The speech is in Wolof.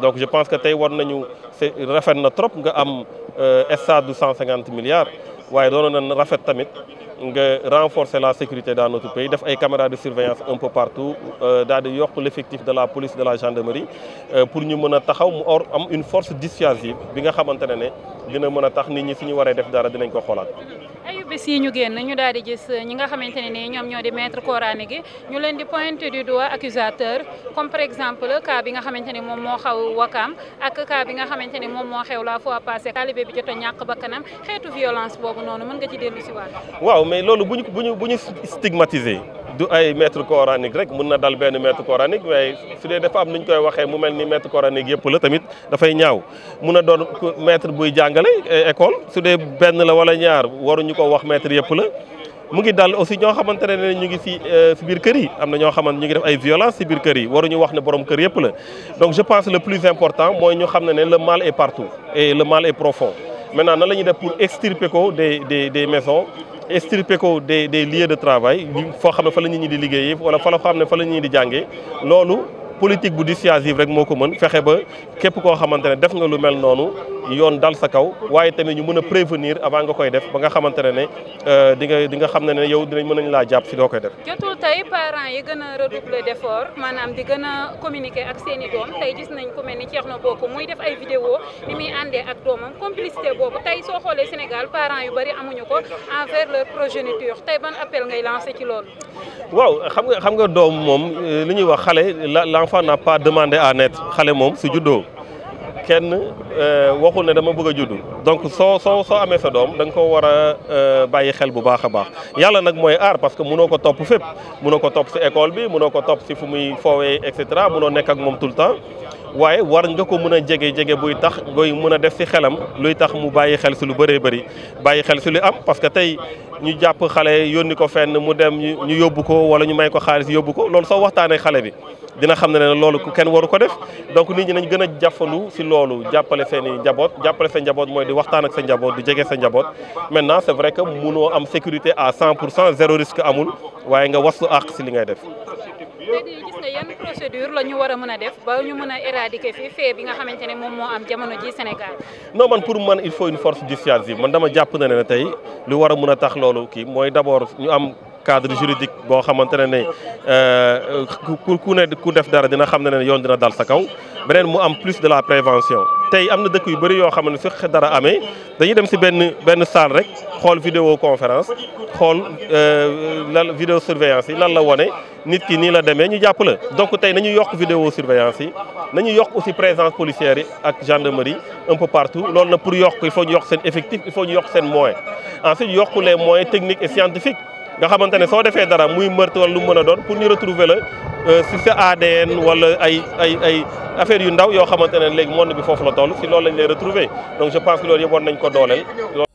donc je pense que tey war nañu c'est rafet na trop nga am euh, stade du 150 milliards waaye doonoon na rafet tamit nga renforcer la sécurité dans notre pays def ay caméras de surveillance un peu partout euh, daal di yokk l'effectif de la police de la gendarmerie euh, pour ñu mën a taxaw mu or am une force dissuasive bi nga xamante ne ne dina mën a tax nit ñi ñu waree def dara dinañ ko xoolaat bis yi ñu génn ñu daal di gis ñi nga xamante ne nii ñoom ñoo di maître coranique gi ñu leen di pointer du doigt accusateur comme par exemple cas bi nga xamante ni moom moo xaw wakaam ak cas bi nga xamante ni moom moo xew la fois passée talibé bi jot a ñàkk bakkanam xeetu violence boobu noonu mën nga ci dellu si waat waaw mais loolu bu ñu bu du ay maître coranique rek mun na dal benn maître coranique waaye su dee dafa am nu ñu koy waxee mu mel ni maître coranique yëpp la tamit dafay ñaaw mun a doon maître buy jàngale eh, école su dee benn la wala ñaar waruñu ko wax maître yëpp la. mu ngi dal aussi ñoo xamante ne ñu ngi si eh, si biir kër yi am na ñoo xamante ñu ngi def ay violence si biir kër yi waruñu wax ne borom kër yëpp la donc je pense le plus important mooy ñu xam ne ne le mal est partout et le mal est profond. maintenant nan la ñuy def pour extirper ko des des des maisons extirper ko des des lieux de travail foo xam ne fa la nit ñi di liggéeyee wala fa la xam ne fa la nit ñi di jàngee loolu. politique bu dissuasive rek moo ko mën fexe ba képp koo xamante ne def nga lu mel noonu yoon dal sa kaw waaye tamit ñu mën a prévenir avant nga koy def ba nga xamante ne ne euh, di nga di nga xam ne ne yow dinañ mën nañ laa jàpp si doo koy def. jotul tey parents yi gën a d'effort maanaam di gën a ak seen doom tey gis nañ ku mel ni Thierno Bocoum muy def ay vidéo ni muy àndee ak doomam complicité boobu tey soo xoolee Sénégal parents yu bari amuñu waaw xam nga xam nga doom moom euh, li ñuy wax xale la l'enfant n'a pas demandé à naître xale moom su juddoo kenn euh, waxul ne dama bëgg a juddu donc soo soo soo amee sa doom danga ko war a euh, bàyyi xel bu baax a baax yàlla nag mooy aar parce que munoo ko topp fépp mënoo ko topp si école bi munoo ko topp si fu muy foowee et cetera mënoo nekk ak moom tout le waaye war nga ko mun a jege jege buy tax ngay mën a def si xelam luy tax mu bàyyi xel si lu bëree bëri bàyyi xel si lu am parce que tey. ñu jàpp xale yónni ko fenn mu dem ñu yóbbu ko wala ñu may ko xaalis yóbbu ko loolu soo waxtaanee xale bi dina xam ne ne loolu kenn waru ko def donc nit ñi nañ gën a jàppandu si loolu jàppale seen njaboot jàppale sa njaboot mooy di waxtaan ak njaboot di jege sa njaboot maintenant c'est vrai que munoo am sécurité à 100 pour cent zéro risque amul waaye nga wasu àq si li ngay def léegi gis nga yan procédure la ñu war a mën a def ba ñu mën a éradiquer fii fee nga xamante moom moo am jamono ji Sénégal. non man pour man il faut une force dissuasive man dama jàpp na ne tey lu war a mën a tax loolu kii mooy d'abord ñu am. cadre juridique boo xamante ne ne euh, ku ku ne ku def dara dina xam ne ne yoon dina dal sa kaw beneen mu am plus de la prévention tey am na dëkk yu bëri yoo xam ne su dara amee dañuy dem si benn benn salle rek xool vidéo conférence xool euh, lan vidéo surveillance yi lan la wone nit ki nii la demee ñu jàpp la donc tey nañu yokk vidéo surveillance yi nañu yokk aussi présence policière yi ak gendarmerie un peu partout loolu nag pour yokk il faut ñu yokk seen effectif il faut ñu yokk seen moyen ensuite yokk les moyens techniques et nga xamante ne soo defee dara muy meurtre wala lu mën a doon pour ñu retrouver la euh, si sa ADN wala ay ay ay affaire yu ndaw yoo xamante ne moon monde bi foofu la toll si loolu lañ lay retrouver donc je pense que loolu yëpp